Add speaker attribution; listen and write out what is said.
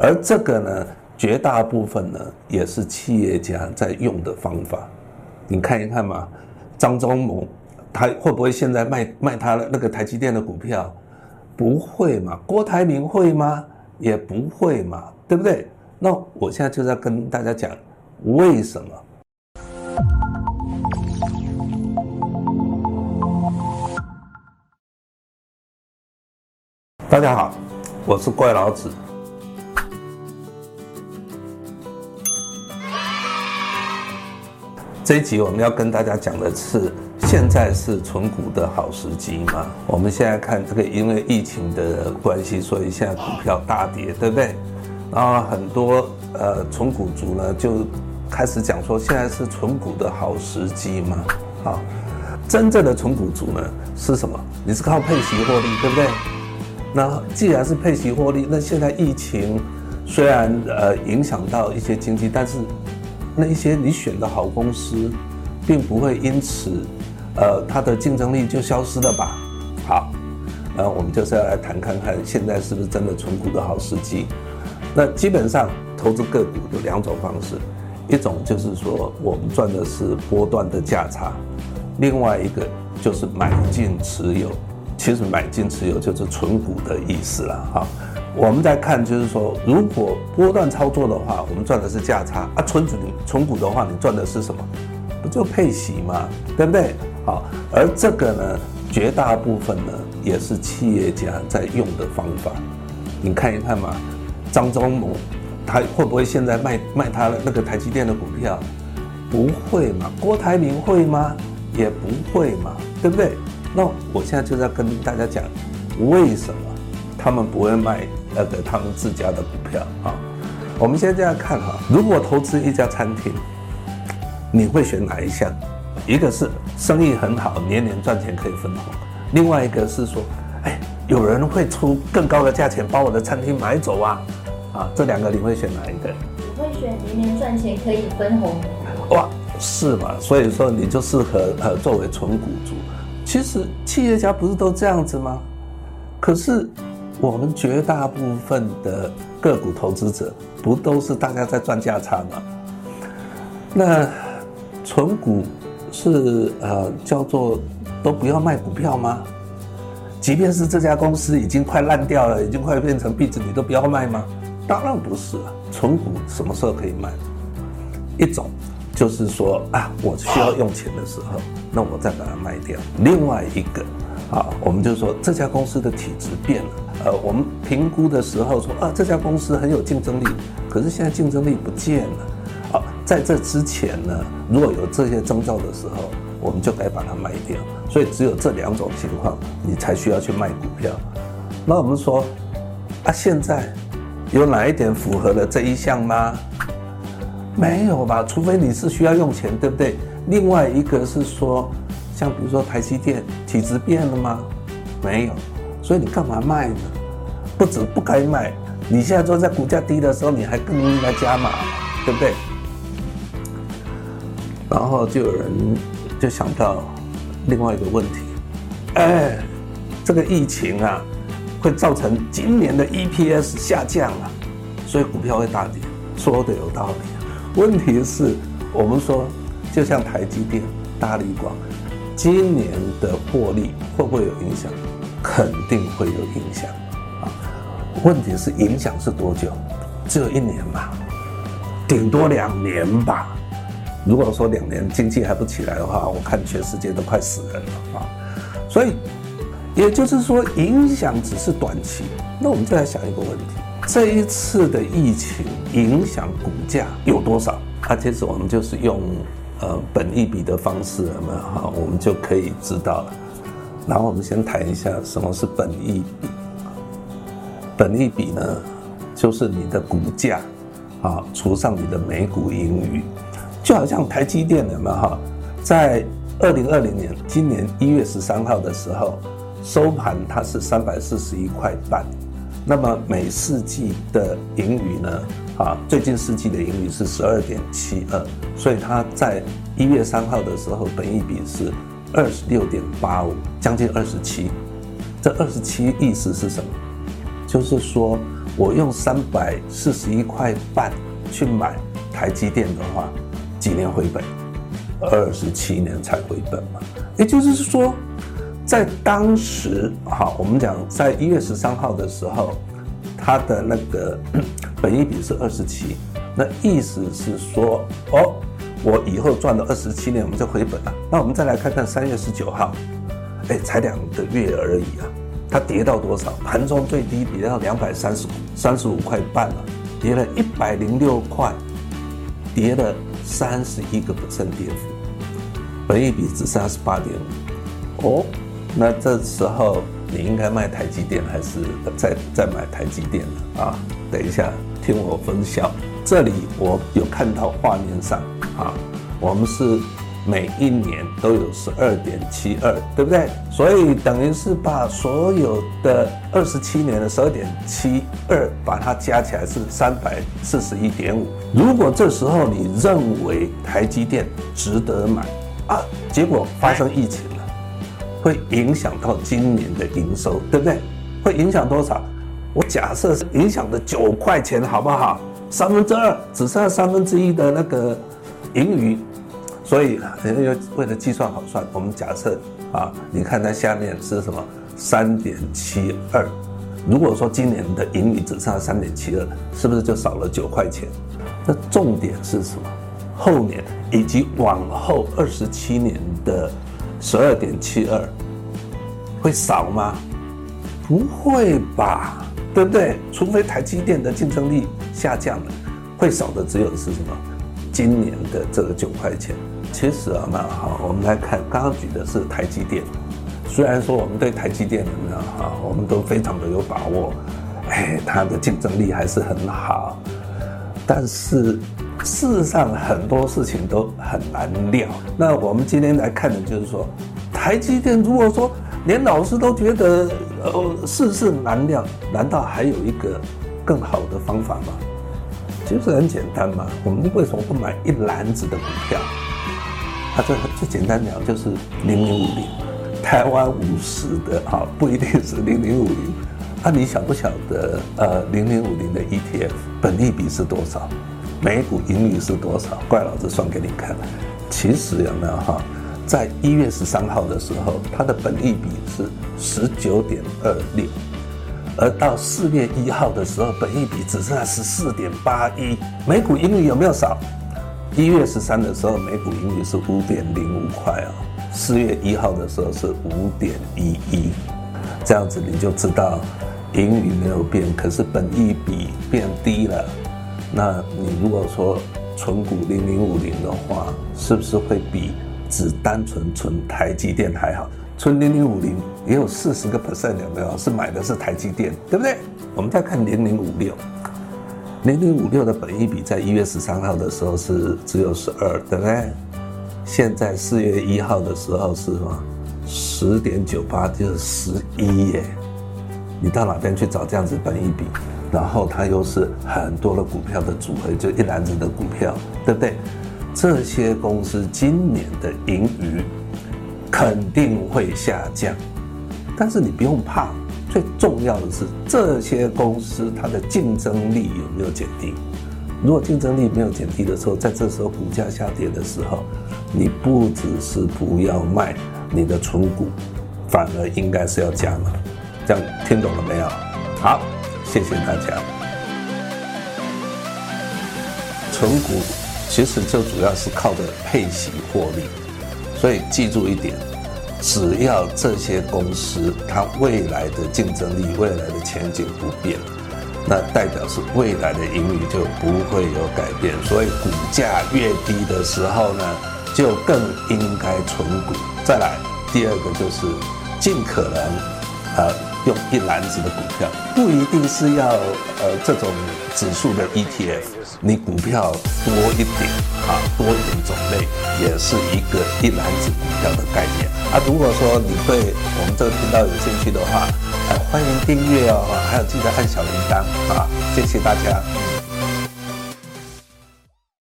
Speaker 1: 而這個呢，絕大部分呢，也是企業家在用的方法。你看一看嘛，張忠謀他會不會現在賣賣他的那個台積電的股票？不會嘛？郭台銘會嗎？也不會嘛，對不對？那我現在就在跟大家講，為什麼？大家好，我是怪老子。這一集我們要跟大家講的是，現在是存股的好時機嗎？我們現在看這個，因為疫情的關係，所以現在股票大跌，對不對？然後很多呃存股族呢，就開始講說現在是存股的好時機嗎？好、啊，真正的存股族呢是什麼？你是靠配息獲利，對不對？那既然是配息獲利，那現在疫情雖然呃影響到一些經濟，但是。那一些你選的好公司，並不會因此，呃，它的競爭力就消失了吧？好，呃，我們就是要來談看看，現在是不是真的存股的好時機？那基本上投資個股有兩種方式，一種就是說我們賺的是波段的價差，另外一個就是買進持有，其實買進持有就是存股的意思了，好。我們在看，就是說，如果波段操作的話，我們賺的是價差啊，存股、存股的話，你賺的是什麼？不就配息嗎？對不對？好，而這個呢，絕大部分呢，也是企業家在用的方法。你看一看嘛，張忠謀他會不會現在賣賣他的那個台積電的股票？不會嘛？郭台銘會嗎？也不會嘛？對不對？那我現在就在跟大家講，為什麼他們不會賣？要給他們自家的股票啊、哦，我們先這樣看哈、啊。如果投資一家餐廳，你會選哪一項？一個是生意很好，年年賺錢可以分紅；另外一個是說，哎，有人會出更高的價錢把我的餐廳買走啊。啊，這兩個你會選哪一個？你會選年年賺錢可以分紅。哇，是嘛？所以說你就適合呃作為存股族。其實企業家不是都這樣子嗎？可是。我們絕大部分的個股投資者，不都是大家在賺價差嗎？那存股是呃叫做都不要賣股票嗎？即便是這家公司已經快爛掉了，已經快變成壁紙，你都不要賣嗎？當然不是啊。存股什麼時候可以賣？一種就是說啊，我需要用錢的時候，那我再把它賣掉。另外一個啊，我們就是說這家公司的體質變了。呃，我們評估的時候說，啊，這家公司很有競爭力，可是現在競爭力不見了。啊，在這之前呢，如果有這些徵兆的時候，我們就該把它賣掉。所以只有這兩種情況，你才需要去賣股票。那我們說，啊，現在有哪一點符合了這一項嗎？沒有吧，除非你是需要用錢，對不對？另外一個是說，像比如說台積電，體質變了嗎？沒有。所以你幹嘛賣呢？不止不該賣，你現在說在股價低的時候，你還更應該加碼嘛，對不對？然後就有人就想到另外一個問題，哎，這個疫情啊，會造成今年的 EPS 下降了啊，所以股票會大跌。說的有道理，問題是我們說，就像台積電、大立光，今年的獲利會不會有影響？肯定會有影響，啊，問題是影響是多久？只有一年吧，頂多兩年吧。如果說兩年經濟還不起來的話，我看全世界都快死人了啊！所以，也就是說影響只是短期。那我們再來想一個問題：這一次的疫情影響股價有多少？啊，其實我們就是用呃本益比的方式，那麼好，我們就可以知道了。然後我們先談一下什麼是本益比。本益比呢，就是你的股價啊除上你的每股盈餘，就好像台積電的嘛哈，在二零二零年今年一月十三號的時候收盤它是三百四十一塊半，那麼每四季的盈餘呢啊，最近四季的盈餘是十二點七二，所以它在一月三號的時候本益比是。二十六點八五，將近二十七。這二十七意思是什麼？就是說我用三百四十一塊半去買台積電的話，幾年回本？二十七年才回本嘛。也就是說，在當時哈，我們講在一月十三號的時候，它的那個本益比是二十七，那意思是說哦。我以後賺了二十七年，我們就回本了。那我們再來看看三月十九號，哎，才兩個月而已啊，它跌到多少？盤中最低跌到兩百三十，三十五塊半了、啊，跌了一百零六塊，跌了三十一個百分點跌幅，本益比只剩二十八點五。哦，那這時候你應該賣台積電還是再再買台積電啊，啊等一下聽我分享。這裡我有看到畫面上啊，我們是每一年都有十二點七二，對不對？所以等於是把所有的二十七年的十二點七二把它加起來是三百四十一點五。如果這時候你認為台積電值得買啊，結果發生疫情了，會影響到今年的營收，對不對？會影響多少？我假設是影響的九塊錢，好不好？三分之二，只剩下三分之一的那個盈餘，所以人家要為，為了計算好算，我們假設啊，你看它下面是什麼？三點七二，如果說今年的盈餘只剩下三點七二，是不是就少了九塊錢？那重點是什麼？後年以及往後二十七年的十二點七二會少嗎？不會吧？對不對？除非台積電的競爭力下降了，會少的只有是什麼？今年的這個九塊錢。其實啊，那好，我們來看，剛剛舉的是台積電。雖然說我們對台積電呢，哈，我們都非常的有把握，哎，它的競爭力還是很好。但是事實上很多事情都很難料。那我們今天來看的就是說，台積電如果說。連老師都覺得，哦，世事難料，難道還有一個更好的方法嗎？其實很簡單嘛，我們為什麼不買一籃子的股票？它最最簡單講就是零零五零，台灣五十的哈，哦，不一定是零零五零。那你曉不曉得，呃，零零五零的 ETF 本利比是多少？每股盈利是多少？怪老子算給你看。其實有沒有哈？哦在一月十三號的時候，它的本益比是十九點二六，而到四月一號的時候，本益比只剩下十四點八一。每股盈餘有沒有少？一月十三的時候，每股盈餘是五點零五塊哦，四月一號的時候是五點一一。這樣子你就知道，盈餘沒有變，可是本益比變低了。那你如果說存股零零五零的話，是不是會比？只單純存台積電還好，存零零五零也有四十個 percent 有沒有，是買的是台積電，對不對？我們再看零零五六，零零五六的本益比在一月十三號的時候是只有十二，對不對？現在四月一號的時候是嗎？十點九八，就是十一耶！你到哪邊去找這樣子本益比？然後它又是很多的股票的組合，就一籃子的股票，對不對？這些公司今年的盈餘肯定會下降，但是你不用怕。最重要的是，這些公司它的競爭力有沒有減低？如果競爭力沒有減低的時候，在這時候股價下跌的時候，你不只是不要賣你的存股，反而應該是要加碼。這樣聽懂了沒有？好，謝謝大家。存股。其實就主要是靠的配息獲利，所以記住一點，只要這些公司它未來的競爭力、未來的前景不變，那代表是未來的盈餘就不會有改變。所以股價越低的時候呢，就更應該存股。再來，第二個就是盡可能，呃。用一籃子的股票，不一定是要呃這種指數的 ETF，你股票多一點啊，多一點種類，也是一個一籃子股票的概念。啊，如果說你對我們這個頻道有興趣的話，哎，歡迎訂閱哦，還有記得按小鈴鐺啊，謝謝大家。